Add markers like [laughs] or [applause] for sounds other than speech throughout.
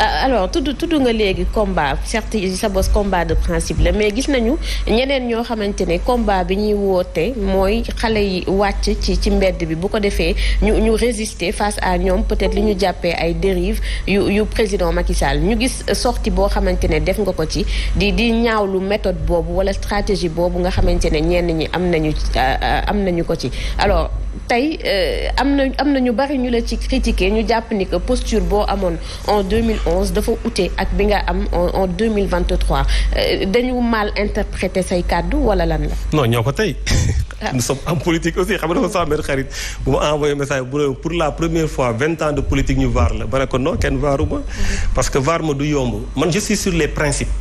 Euh, alors tudd tudd nga léegi combat certes sa bos combat de principe la mais gis nañu ñeneen ñoo xamante ne combat bi ñuy woote mooy xale yi wàcc ci ci mbedd bi bu ko defee ñu ñu résister face à ñoom peut-être lu ñu jàppee ay dérives yu yu président Macky ñu gis sorti boo xamante ne def nga ko ci di di ñaawlu méthode boobu wala stratégie boobu nga xamante ne ñenn ñi am nañu euh, euh, am nañu ko ci alors. tey euh, am na am na ñu bari ñu la ci critiqué ñu jàpp ni que posture boo amoon en 2011 dafa ute ak bi nga am en 2023 euh, dañu mal interprété say kàddu wala lan la. non ñoo ko tey. [laughs] Ah. nous sommes en politique aussi xam nga dafa sama benn xarit bu ma envoyé message pour la première fois vingt ans de politique ñu vaar la ba ne ko non kenn vaaru ma. Mm-hmm. parce que vaar ma du yomb man je suis sur les principes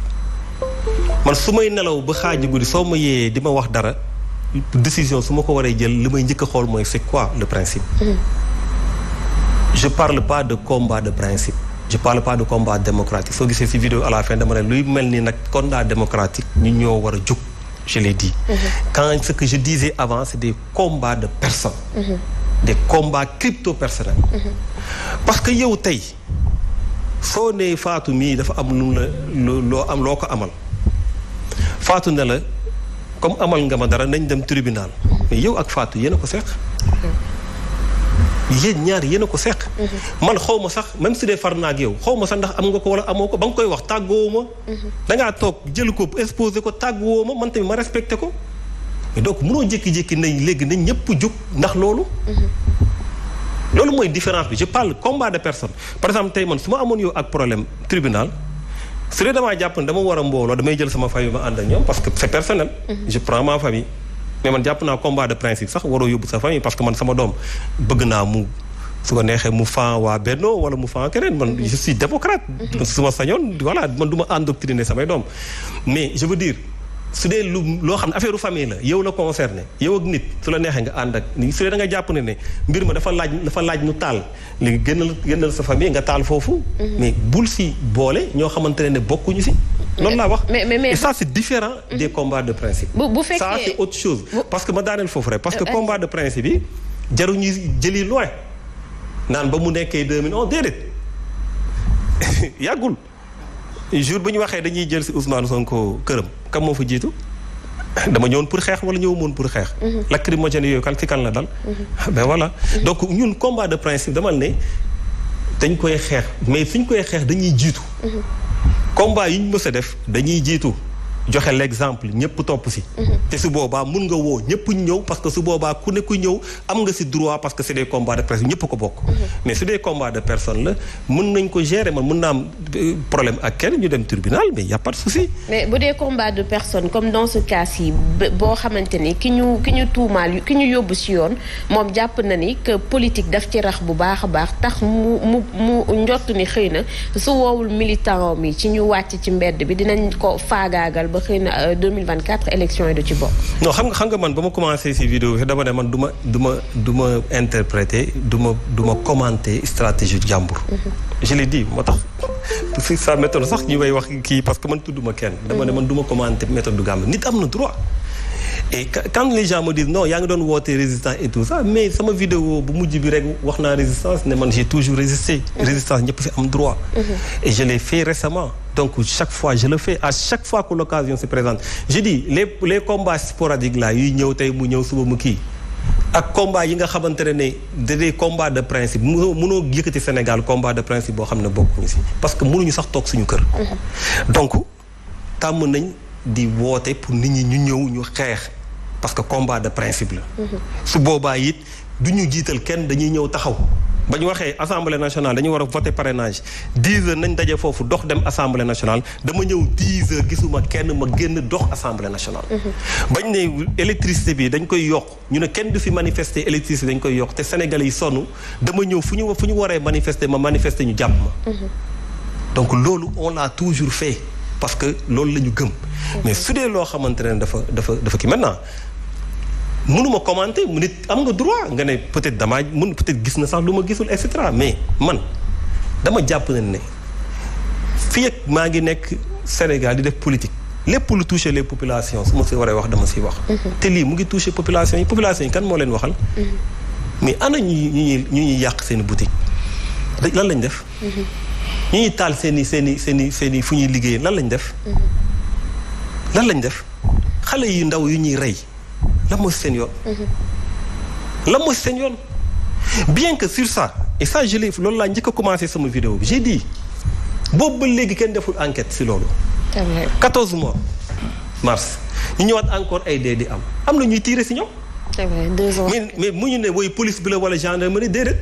man su may nelaw ba xaaji guddi soo ma yee di ma wax dara. décision su ma ko waree jël li may njëkk xool mooy c'est quoi le principe. je parle pas de combat de principe. je parle pas de combat démocratique soo gisee ci vidéo à dama ne luy mel ni nag combat démocratique ñu ñoo war a jug je l'ai dit. Mm-hmm. quand ce que je disais avant c'est des combats de personnes. Mm-hmm. des combats crypto personnels. Mm-hmm. parce que yow tey soo nee Fatou mii dafa am lu la loo am loo ko amal Fatou ne la. comme amal nga ma dara nañ dem tribunal mais yow ak Fatou yéen ko seq. yéen ñaar yéen a ko seq. man xaw ma sax man su dee far naa ak yow xaw ma sax ndax am nga ko wala amoo ko ba nga koy wax tàggoo ma. da toog jël ko exposé ko tàggoo ma man tamit ma respecté ko. mais donc mënoo jékki-jékki nañ léegi nañ ñëpp jug ndax loolu. loolu mooy différence bi je parle combat de personne par exemple tey man su ma amoon yow ak problème tribunal. su dee damaa jàpp ne dama war a mbooloo damay jël sama famille ma ànd ak ñoom parce que c'est personnel. Mhm. je prends ma famille. mais man jàpp naa combat de principe sax waroo yóbbu sa famille parce que man sama doom bëgg naa mu su ko neexee mu fan waa Benno wala mu fan keneen man mhm. je suis démocrate. Mhm. su ma sañoon voilà man du ma endoctriner samay doom mais je veux dire. su dee lu loo xam ne affaire famille la yow la concerné yow ak nit su la neexee nga ànd ak su dee da nga jàpp ne ne mbir ma dafa laaj dafa laaj nu taal li gënal gënal sa famille nga taal foofu. Mhm. mais bul si boole ñoo xamante ne bokkuñu si. loolu laa wax mais mais ça différent mhm. des combats de principe. bu bu fekkee ça c'est autre chose. parce que ma daaneel foofu rek parce que euh, combat de principe yi jaruñu jëli loin naan ba mu nekkee 2011 déedéet [laughs] yàggul jour bu ñu waxee dañuy jël si Ousmane Sonko këram. kam moo fa jiitu dama ñëwoon pour xeex wala ñëw moon pour xeex mhm. lacrymogène yooyu kan fi kan la dal mhm. ben voilà mhm. donc ñun combat de principe damal ne dañ koy xeex mais suñ koy xeex dañuy jiitu combat yi ñu mës a def dañuy jiitu joxe l'exemple ñëpp topp si. te su boobaa mun nga woo ñëpp ñëw parce que su boobaa ku ne ku ñëw am nga si droit parce que c'est des combats de personnes ñëpp ko bokk. mais su dee combat de personne la mun nañ ko gérer man mun naa am euh, problème ak kenn ñu dem tribunal mais y a pas de souci. mais bu dee combat de personne comme dans ce cas boo xamante ni ki ñu ki ñu tuumaal ki ñu yóbbu si yoon moom jàpp na ni que politique daf ci rax bu baax a baax tax mu mu mu njott ni na mi ci ñu wàcc ba xëy na 2024 euh, élection yi du ci bokk. non xam nga xam nga man ba ma commencé si vidéo bi dama ne man du ma du ma du ma interpréter du ma jàmbur. Mhm. je l'ai dit moo tax [laughs] si sa méthode sax ñu may wax kii parce que man tudduma kenn. dama de mhm. man duma ma commenter méthode du Gambie nit am na droit. e quand les gens me disent non yaa ngi doon wootee résistance et tout ça mais sama vidéo bu mujj bi rek wax naa résistance ne man j'ai toujours résisté mhm. résistance ñëpp fi am droit mhm. et je l'ai fait récemment donc chaque fois je le fais à chaque fois que l'occasion se présente je dis les les ñëw tey mu ñëw suba mu kii ak combat yi nga xamante ne ne des combats de principe mënoo mënoo yëkkati Sénégal combat de principe boo xam ne ñu si parce que mënuñu sax toog suñu kër mhm. donc tàmm nañ di woote pour nit ñi ñu ñëw xeex parce que combat de principe la. su boobaa it du ñu jiital kenn dañuy ñëw taxaw. ba ñu waxee assemblée nationale dañu war a voter parrainage 10 nañ daje foofu dox dem assemblée nationale dama ñëw 10 heures gisuma kenn ma génn dox assemblée nationale. bañ ne électricité bi dañ koy yokk ñu ne kenn du fi manifester électricité dañ koy yokk te Sénégalais yi sonn dama ñëw fu ñu fu ñu waree manifester ma manifester ñu jàpp ma. donc loolu on l'a toujours fait parce que loolu la ñu gëm. mais su loo xamante ne dafa dafa dafa kii maintenant. mënuma commenter mu nit am nga droit nga ne peut-être damaa mën peut gis na sax lu ma gisul et cetera mais man dama jàpp na ne fii ak maa ngi nekk Sénégal di def politique lépp lu touché les population su ma si waree wax dama siy wax. Mhm. te lii mu ngi touché population yi population yi kan moo leen waxal. Mhm. mais ana ñi ñi ñu ñuy yàq seen boutique lan lañ def. Mhm. ñu ñuy taal seen i seen i seen i seen i fu ñuy liggéey lan lañ def. lan lañ def xale yu ndaw yu ñuy rey. lan mooy seen yoon. Mm-hmm. lan mooy seen yoon. bien que sur ça et ça loolu laa njëkk a commencé sama vidéo bi j'ai dit boobu ba léegi kenn deful enquête si loolu. 14 mois mars ñu ñëwaat encore ay dee di am am na ñuy tiire si ñoom. mais mais mu ñu ne woy police bi la wala gendarmerie déedéet.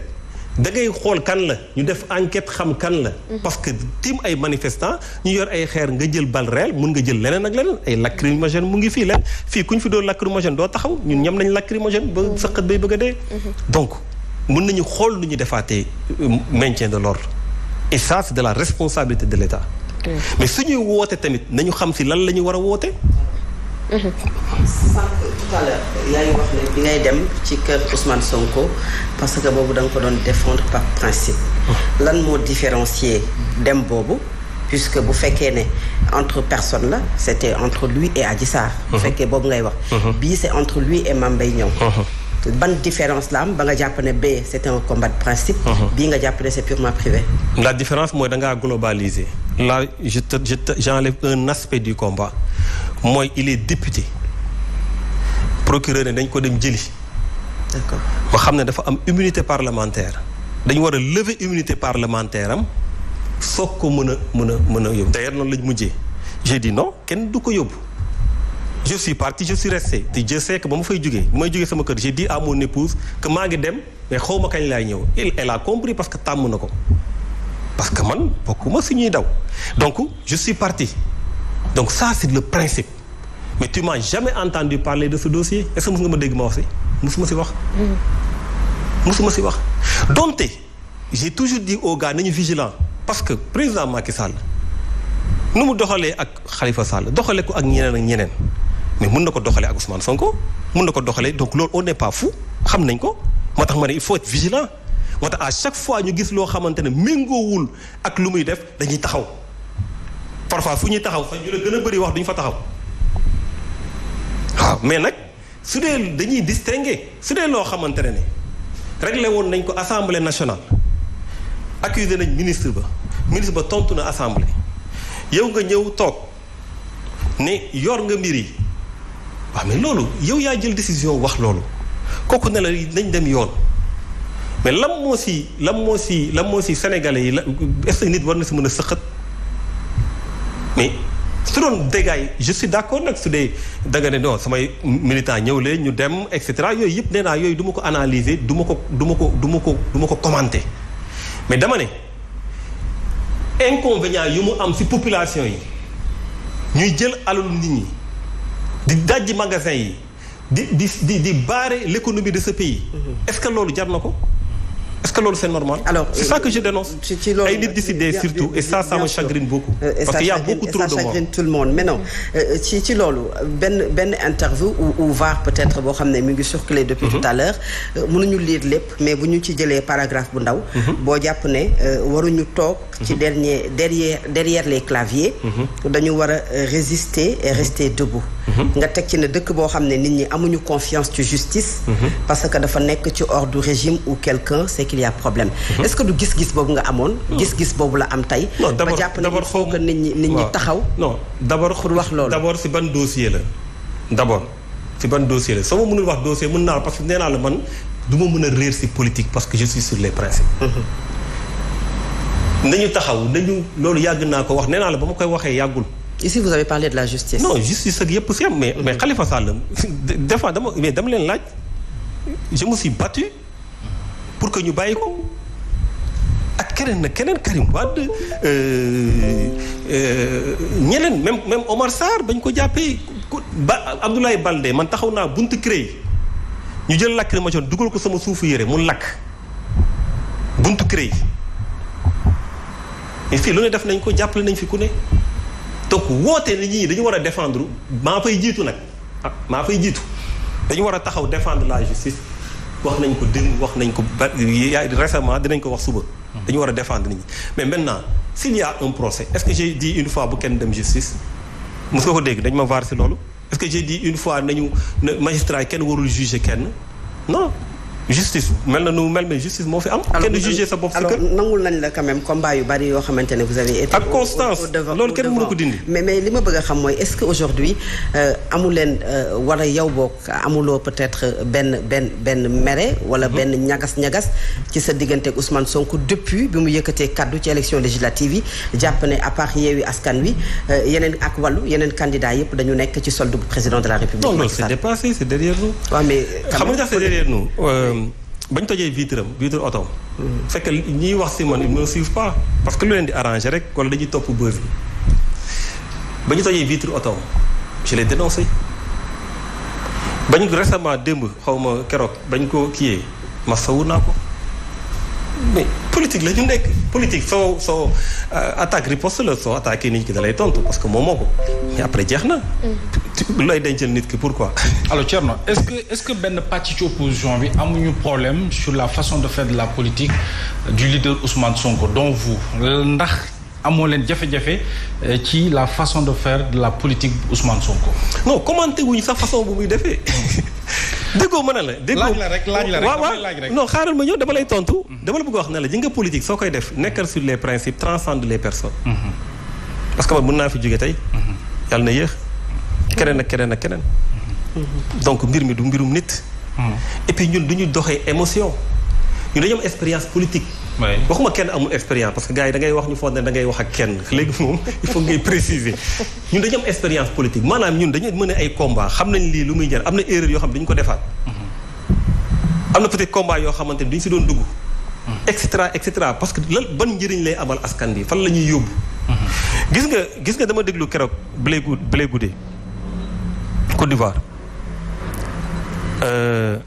da xool kan la ñu def enquête xam kan la. Mhm. parce que tiim ay manifestants ñu yor ay xeer nga jël bal réel mun nga jël leneen ak leneen ay lacrymogène mu ngi fii leen fii ku ñu fi doon lacrymogène doo taxaw ñun ñam nañ lacrymogène ba mhm. sëqat bay bëgg a dee. Mhm. donc mun nañu xool lu ñu defaatee euh, maintien de l'ordre et ça c'est de la responsabilité de l'État. mais suñuy woote tamit nañu xam si lan la ñu war a woote. Mm-hmm. Mm-hmm. Mm-hmm. sànq tout à l'heure yaa ngi wax ne bi ngay dem ci kër Ousmane Sonko parce que boobu da nga ko doon défendre par principe. lan moo différencier dem boobu puisque bu fekkee ne entre personne la c'était entre lui et Adji Sarr. bu fekkee boobu ngay wax. bii c'est entre lui et Mame Mbaye Niang. ban différence la am ba nga jàpp ne ba c'est un combat de principe. bii nga jàpp ne c'est purement privé. la différence mooy da ngaa globaliser. là je te je te j'enlève un aspect du combat. mooy il est député procureur ne dañ ko dem jëli. d'accord ma xam ne dafa am immunité parlementaire dañu war a lever immunité parlementaire am soog ko mën a mën a mën a yóbbu d'ailleurs noonu lañ mujjee j'ai dit non kenn du ko yóbbu je suis parti je suis resté te je sais que ba ma fay jógee ba may jógee sama kër j'ai dit à mon épouse maa ngi dem mais xaw ma kañ laay ñëw elle a compris parce que tàmm na ko parce que man bokk ma si ñuy daw donc je suis parti donc ça c'est le principe mais tu m'as jamais entendu parler de ce dossier est-ce nga ma dégg ma wax si mosuma si wax mosuma si wax donte j'ai toujours di aux nañu vigilant parce que président Macky Sall nu mu doxalee ak Khalifa Sall doxalee ko ak ñeneen ak ñeneen mais mun na ko doxalee ak son ko mun na ko doxalee donc loolu on n'est pas fou xam nañ ko moo tax ma ne il faut vigilant moo tax à chaque fois ñu gis loo xamante ne méngoowul ak lu muy def dañuy taxaw parfois fu ñuy taxaw fa ñu la gën a bëri wax duñ fa taxaw waaw mais nag su dee dañuy distinguer su dee loo xamante ne ne réglé woon nañ ko assemblée national accusé nañ ministre ba ministre ba tontu na assemblée yow nga ñëw toog ne yoor nga mbir yi waaw mais loolu yow yaa jël décision wax loolu kooku ne la nañ dem yoon mais lam moo si lam moo si lam moo si sénégalais yi la est-ce que nit war na si mën a sëqat mais su doon dégâts yi je d' accord nag su dee da nga ne non samay militant ñëw leen ñu dem et cetera yooyu yëpp nee naa yooyu duma ko analyser du ma ko duma ma ko du ko duma ko commenter mais dama ne inconvénient yu mu am si population yi ñuy jël alalu nit ñi di dajji magasin yi di di di di barrer l' économie de ce pays. Mm-hmm. est ce que loolu jar na ko. est-ce que loolu c'est normal. ci loolu benn benn interview ou var peut-être boo xam ne mi ngi circuler depuis mhm. tout à l'heure euh, mënuñu lire lépp mais bu ñu ci jëlee paragraphe bu ndaw. Mhm. boo jàpp ne euh, waruñu toog. ci mhm. dernier derrière derrière les claviers. dañu war a euh, résister et rester debout. nga teg ci ne dëkk boo xam ne nit ñi amuñu confiance ci justice. parce que dafa nekk ci ordre du régime ou quelqu'un qu'il y a problème. Mhm. est-ce que du gis-gis boobu nga amoon. gis-gis boobu la am tey. non d'abord ba jàpp ne nit ñi nit ñi taxaw. non d'abord wax loolu d'abord si ban dossier la. soo ma mënul wax dossier mën naa parce que nee la man du ma mën a réer si politique parce que je suis sur les principes. Mhm. nañu taxaw nañu loolu yàgg naa ko wax nee la ba ma koy waxee yàggul. ici vous avez parlé de la justice. non justice ak yëpp si am mais mais mhm. Khalifa Sall [laughs] des dama mais dama leen laaj pour que ñu bàyyi ko ak keneen nag keneen Karim Wade euh, euh, ñeneen même même Omar Sarr bañ ko jàppee ba Abdoulaye Balde man taxaw naa buntu CREI ñu jël lacrymogène dugal ko sama suufu yére mu lakk buntu CREI mais fii lu ne def nañ ko jàppale nañ fi ku ne donc wootee nit ñi dañu war a défendre maa fay jiitu nag ah, maa fay jiitu dañu war a taxaw défendre la justice wax nañ ko démb wax nañ ko ba yaay récemment dinañ ko wax suba. Hmm. dañu war a défendre nit ñi mais maintenant s'il y a un procès est que j'ai dit une fois bu kenn dem justice mos nga ko dégg dañ ma vaar loolu est que j'ai dit une fois nañu magistrat yi kenn warul juger kenn non. justice mel na nu mel mais justice moo fi am. kenn jugé sa bopp sa nangul nañ la quand même yu bari yoo xamante ne vous avez été. ak loolu kenn mënu ko dindi. mais li ma bëgg xam mooy est euh, euh, peut-être benn benn benn mere. wala mhm. benn ñagas ñagas ci sa diggante ak Ousmane Sonko depuis bi mu yëkkatee kaddu ci élection législative yi jàpp ne à part Yewwi Askan Wi euh, yeneen ak wàllu yeneen candidats yëpp dañu nekk ci solde président de la République. non non c'est mais xam nga c'est derrière bañ tojee vitre am vitre oto am. fekk ñiy wax si man ils ne parce que lu leen di arrangé rek wala dañuy topp buzz bi ba ñu tojee vitre oto am je l'ai dénoncé bañ ko récemment démb xawma ma keroog bañ ko ma masawu naa ko mais politique la ñu nekk politique soo soo euh, attaque riposte la soo attaqué nit ki da lay tontu parce que moom moo ko mais après jeex na. Mm. [laughs] looy dencal nit ki pourquoi. alors Thierno est-ce est-ce que benn pàcc ci opposition bi amuñu problème sur la façon de faire de la politique du leader Ousmane Sonko dont vous ndax. amoo leen jafe-jafe euh, ci la façon de faire de la politique Ousmane Sonko. non commenté wuñ sax façon bu muy defee [laughs] déggoo mën a la. déggoo laaj la rek la rek waaw a non xaaral ma ñëw dama lay tontu. Mhm. dama la bëgg wax a la ji nga politique soo koy def nekkal sur les principes transcende les personnes. Mhm. que mën naa fi jóge tey. Mhm. yàlla na keneen ak keneen ak keneen. donc mbir mi du mbirum nit. et ñun du ñu doxee émotion. ñun dañu am expérience politique. waxuma kenn amul expérience parce que gars yi da ngay wax ñu foog ne da ngay wax ak kenn léegi moom il faut ngay préciser. ñun dañu expérience politique maanaam ñun dañu mën ay combat xam nañ lii lu muy jar am na erreur yoo xam ne dañu ko defaat. am na peut-être yoo xamante ni duñ si doon dugg. Mm-hmm. et cetera et cetera parce que lan ban njëriñ lay amal askan bi fan la ñuy yóbbu. Mm-hmm. gis nga gis nga dama déglu keroog Blé Goudé Côte d'Ivoire euh,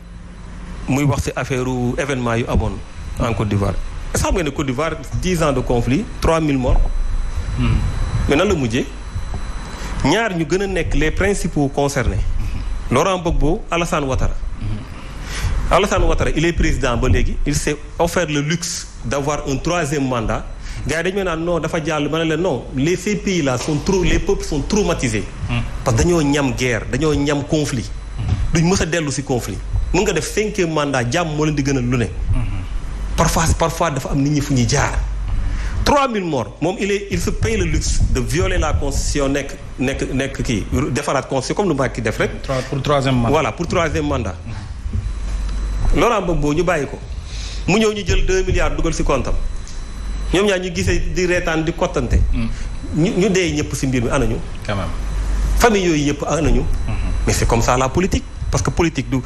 muy wax ci affaire événement yu amoon en Côte d'Ivoire est-ce que ne Côte d'Ivoire dix ans de conflit trois mille morts hmm. mais la mujjee ñaar ñu gën a nekk les principaux concernés hmm. Laurent Gbagbo Alassane Ouattara hmm. Alassane Ouattara il est président ba léegi il s'est offert le luxe d'avoir un troisième mandat gars yi dañu naan non dafa jàll ma ne leen non les ces pays là sont trop les peuples sont hmm. parce que dañoo ñam guerre dañoo ñam conflit. Hmm. duñ mës a dellu si conflit mun nga def cinquième mandat jàmm moo leen di gën a lu ne. Hmm. parfois parfois dafa am nit ñi fu ñuy jaar. mille morts moom il est il se paye le luxe de violer la constitution nekk nekk nekk kii defaraat constitution comme lu ki def rek. pour troisième mandat voilà pour troisième mandat. Laurent Gbagbo ñu bàyyi ko mu ñëw ñu jël 2 milliards dugal si comptam ñoom ñaar ñu gisee di reetaan di kottante. Mm. ñu ñu dee ñëpp si mbir mi anañu. quand même famille yooyu yëpp anañu. Mm-hmm. mais c'est comme ça la politique parce que politique du.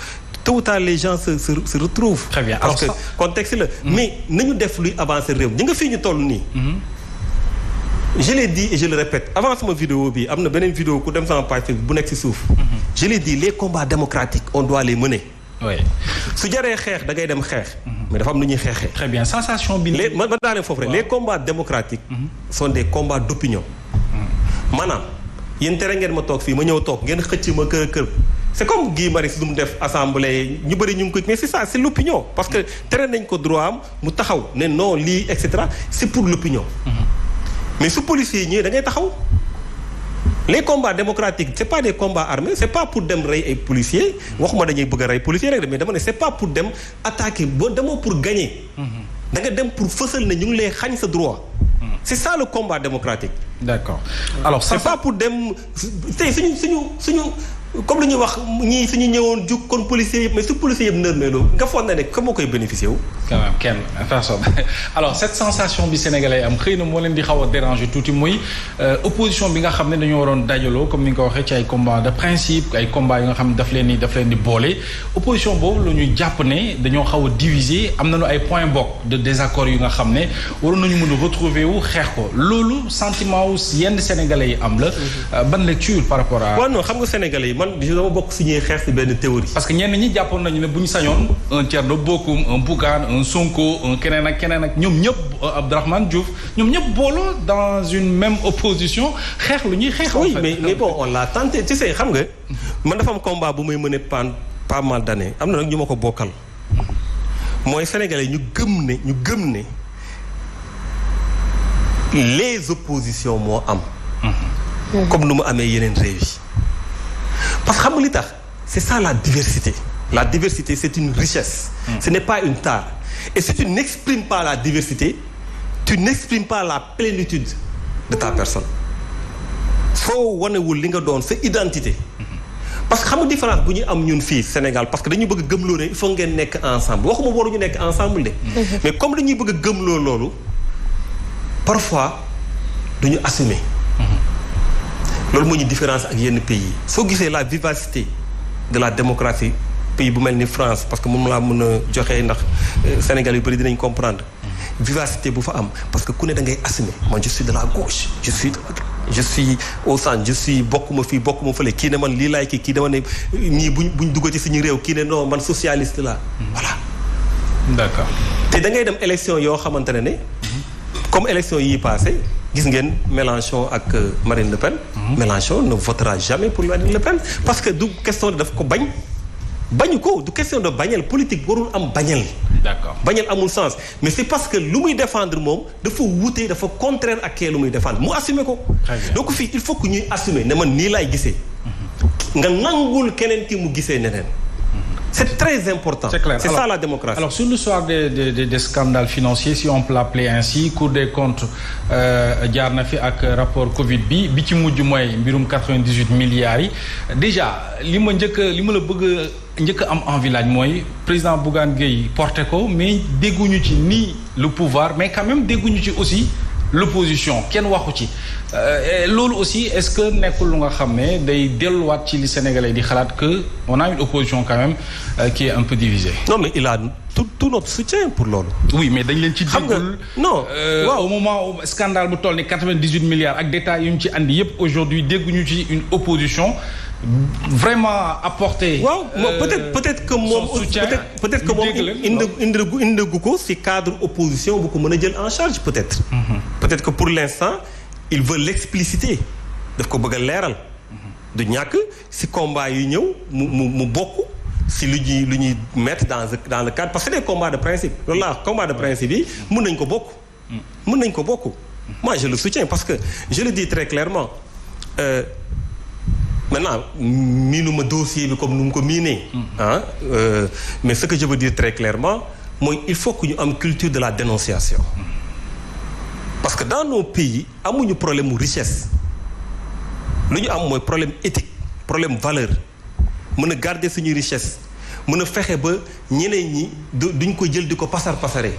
tôt les gens se se se retrouvent. très bien parce que contexte la. Mm-hmm. mais nañu def luy avancer réew ñi nga fii ñu toll nii. Mm-hmm. je l'ai dit et je le répète avant sama vidéo bi am na beneen vidéo ku dem sama page bu nekk ci suuf. je l'ai dit les combats démocratiques on doit les mener. su jaree xeex da dem xeex. mais dafa am lu ñuy xeexee. très bien sensation bi. les man daanee foofu rek les combats démocratiques. Mhm. sont des combats d'opinion. Mhm. maanaam ngeen ma toog fii ma ñëw toog ngeen xëcc ma kër kër. c'est comme Guy Marius lu mu def assemblée ñu bëri ñu ngi koy mais c'est ça c'est l'opinion parce que tere nañ ko droit am mu taxaw ne non lii et cetera c'est pour l'opinion. Mhm. mais su policiers yi ñëwee da taxaw. les combats démocratiques c' est pas des combats armés c' pas pour dem rey ay policiers waxuma dañuy bëgg a rey policiers rek de mais dama ne c' est pas pour dem attaquer ba demoo pour gagner. da nga dem pour fësal ne ñu ngi lay xañ sa droit. c' est ça le combat démocratique. d' accord alors c' est pas pour dem tey suñu suñu suñu. comme lu ñuy wax ñii suñu ñëwoon jug kon policier yëpp su policier yëpp nërmeeloo ne que moo koy [laughs] bi sénégalais am xëy na moo leen a déranger tuuti muy euh, opposition bi nga xam ne dañoo waroon dajaloo comme ni nga ko waxee ci ay combat de principe yi nga xam ne daf leen di daf leen di boole opposition a diviser am nañu a wu yenn sénégalais yi am la. Mm-hmm. Euh, ban lecture par rapport à. waaw non xam nga sénégalais yi man dama bokk si ñuy xeex si benn théorie. parce que ñenn ñi jàppoon nañu ne bu ñu sañoon un Thierno Bocoum un Bougane un Sonko un keneen ak keneen ak ñoom ñëpp euh, Abdourahmane Diouf ñoom ñëpp booloo dans une même opposition xeex lu ñuy xeex. oui mais mais on l'a tenté tu sais xam nga. man dafa am combat bu may mëne pan pas mal d'années am na nag ñu ma ko bokkal. mooy sénégalais ñu gëm ne ñu gëm ne les oppositions moo am. Mhm. comme nu mu amee yeneen réew parce que xam nga li tax c'est ça la diversité la diversité c'est une richesse mm. ce pas une tare et si tu n'exprimes pas la diversité tu n'exprimes pas la plénitude de ta personne soo wanewul li nga doon sa identité mm-hmm. parce que xam nga différence bu ñu am ñun fii Sénégal parce que dañu bëgg gëm ne il ngeen nekk ensemble waxuma waruñu nekk ensemble de mm-hmm. mais comme dañuy bëgg gëmloo loolu parfois duñu assumé loolu moo ñu différence ak yenn pays yi soo gisee la vivacité de la démocratie pays bu mel ni France parce que moom laa mën a joxe ndax euh, Sénégal yu bëri dinañ comprendre vivacité bu fa am parce que ku ne da ngay assumer man je suis de la gauche je suis je au centre je suis bokk ma fii bokk ma fële kii ne man lii laay kii kii ne ma ne ñii buñ buñ duggati suñu réew kii ne non man socialiste la hmm. voilà. d'accord te da ngay dem élection yoo xamante ne ne comme élection yi passé gis ngeen Mélenchon ak euh, Marine Le Pen. Mhm. Mélenchon ne votera jamais pour Marine Le Pen parce que du question de daf ko bañ. bañu ko du question de bañal politique warul am bañal. d'accord bañal amul sens mais c'est parce que lu muy defendre moom dafa wute dafa contraire ak kee lu muy défendre mu assume ko. donc fii il faut que ñuy assumer ne man nii laay gisee. Mhm. nga nangul keneen ki mu gisee neneen. C'est très important. C'est clair. la démocratie. Alors, sur l'histoire des, de des, des, scandales financiers, si on peut l'appeler ainsi, Cour des comptes euh, jaar na fi ak rapport Covid bi bi ci mujj mooy mbirum 98 milliards yi déjà li ma njëkk li ma la bëgg njëkk am envie laaj mooy président Bougane Gueye porté ko mais dégguñu ci ni lu pouvoir mais quand même dégguñu ci aussi l'opposition kenn waxu ci euh, loolu aussi est-ce que nekkul lu nga xam ne day delluwaat ci li Sénégalais di xalaat que on a une opposition quand même euh, qui est un peu divisée. non mais il a tout notre soutien pour loolu. oui mais dañ leen ci. xam nga non euh, waaw au moment où scandale bu toll ni quatre-vingt-dix-huit milliards ak détails yu ñu ci andi yépp aujourd'hui dégguñu ci une opposition. vraiment apporter. waaw euh, peut-être peut-être que moom peut-être que moom indi indigu ko ci cadre opposition bu ko mën a jël en charge peut-être. Mhm. peut-être que pour l'instant il veut l'expliciter daf ko bëgg a leeral. Mhm. du ñàkk ci combat yu ñëw mu mu mu bokk. si lu ñuy lu ñuy mettre dans dans le cadre parce que c'est des combats de principe loolu laa combat de principe yi mhm. mën nañ ko bokk mën nañ ko bokk moi je le soutiens parce que je le dis très clairement euh, maintenant miinuma dossier bi comme nu mu ko miinee. Mm. ah euh, mais ce que je veux dire clairement mooy il faut que ñu am culture de la dénonciation. Mm. parce que dans nos pays amuñu problème mu richesse lu ñu am mooy problème éthique problème valeur mën a garder suñuy richesse mën a fexe ba ñeneen ñi duñ ko jël di ko pasar pasare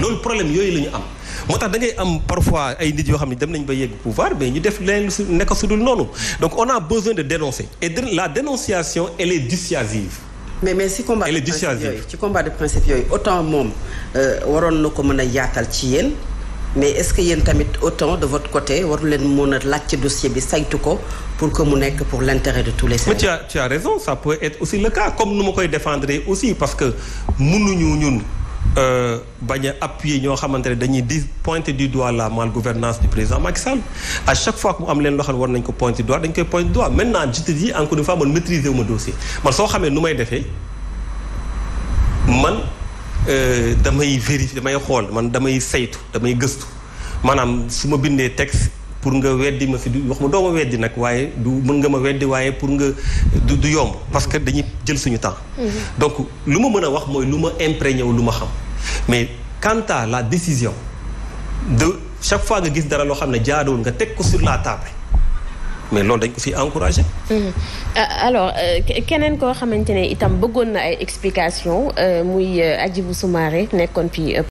loolu problème yooyu lañu am moo tax da ngay am parfois ay nit yoo xam ne dem nañ ba yegg pouvoir mais ñu def leen su nekk su dul noonu donc on a besoin de dénoncer et de, la dénonciation elle est dissuasive. mais mais si combat de ci combat de principe yooyu autant moom euh, waroon na ko mën a yaatal ci yéen mais est-ce que yéen tamit autant de votre côté waru leen na a laaj ci dossier bi saytu ko pour que mu nekk pour l'intérêt de tous les Sénégalais. mais tu as raison comme nu ma koy défendre aussi parce que mënuñu ñun. Euh, bañ a appuyer ñoo xamante ne dañuy di pointer du doigt la malgouvernance du président Macky Sall à chaque fois que mu am leen loo xam ne war nañ ko pointer du doigt dañ koy pointer du doigt maintenant je te dis encore une fois man maîtriser wu ma man soo xamee nu may defee man euh, damay vérifier damay xool man damay saytu damay gëstu maanaam su ma bindee texte pour nga weddi ma fi du wax ma doo ma weddi nag waaye du mën nga ma weddi waaye pour nga du du yomb parce que dañu jël suñu temps. Mm-hmm. donc lu ma mën a wax mooy lu ma imprégné wu lu ma xam mais quant à la décision de chaque fois nga gis dara loo xam ne jaadoon nga teg ko sur la table. mais loolu dañ ko fi encouragé. Mm-hmm. Euh, alors euh, keneen koo xamante ne itam bëggoon na ay explication euh, muy Hadjibou Soumaré nekkoon fii.